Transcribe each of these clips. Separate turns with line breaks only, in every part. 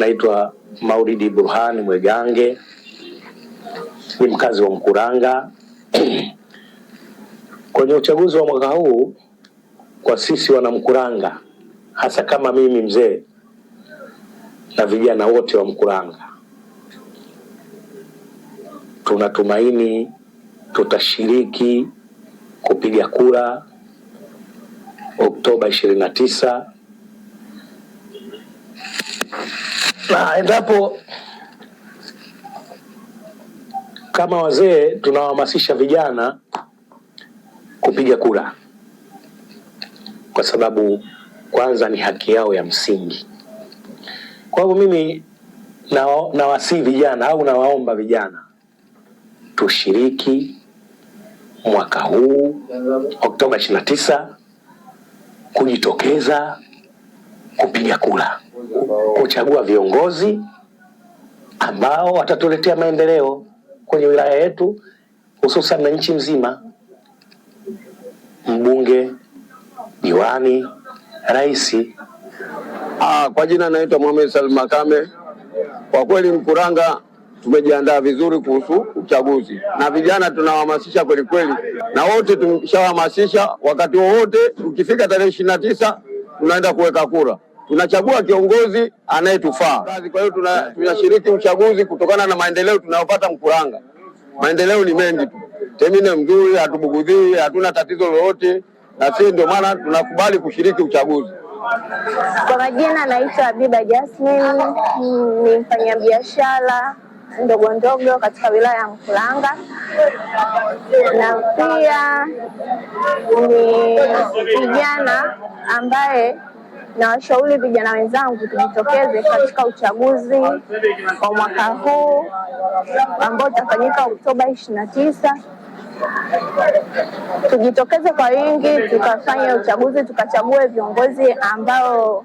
Naitwa Maulidi Burhani Mwegange, ni mkazi wa Mkuranga. Kwenye uchaguzi wa mwaka huu, kwa sisi wanamkuranga, hasa kama mimi mzee na vijana wote wa Mkuranga, tunatumaini tutashiriki kupiga kura Oktoba 29 na endapo kama wazee tunawahamasisha vijana kupiga kura, kwa sababu kwanza ni haki yao ya msingi. Kwa hivyo mimi nawasii na vijana au nawaomba vijana tushiriki mwaka huu Oktoba 29 kujitokeza kupiga kura kuchagua viongozi ambao watatuletea maendeleo kwenye wilaya yetu hususan na nchi mzima. Mbunge, diwani, rais.
Ah, kwa jina naitwa Mohamed Salim Makame. Kwa kweli Mkuranga tumejiandaa vizuri kuhusu uchaguzi na vijana tunawahamasisha kweli kweli, na wote tumeshawahamasisha. Wakati wowote ukifika tarehe ishirini na tisa tunaenda kuweka kura tunachagua kiongozi anayetufaa. Kwa hiyo tunashiriki uchaguzi kutokana na maendeleo tunayopata Mkuranga. Maendeleo ni mengi tu, temine mzuri, hatubugudhii, hatuna tatizo lolote, na sisi ndio maana tunakubali kushiriki uchaguzi.
Kwa majina anaitwa Abiba Jasmine, ni mfanyabiashara ndogo ndogo katika wilaya ya Mkuranga na pia ni kijana ambaye Nawashauri vijana wenzangu tujitokeze katika uchaguzi wa mwaka huu ambao utafanyika Oktoba ishirini na tisa. Tujitokeze kwa wingi tukafanye uchaguzi tukachague viongozi ambao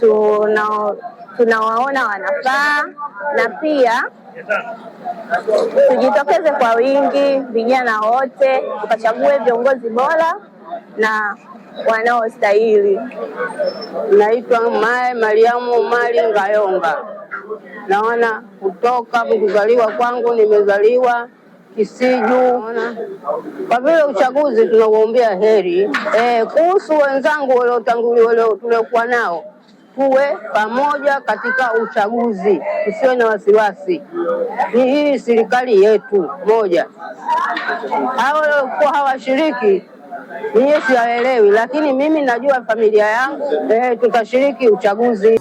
tuna tunawaona wanafaa, na pia tujitokeze kwa wingi vijana wote tukachague viongozi bora na wanaostahili.
Naitwa Mae Mariamu Mali Ngayonga, naona kutoka kuzaliwa kwangu, nimezaliwa Kisiju. Kwa vile uchaguzi tunauombea heri. E, kuhusu wenzangu waliotangulia tuliokuwa nao tuwe pamoja katika uchaguzi, tusiwe na wasiwasi. Ni hii serikali yetu moja, hao waliokuwa hawashiriki Niye siwaelewi, lakini mimi najua familia yangu eh, tutashiriki uchaguzi.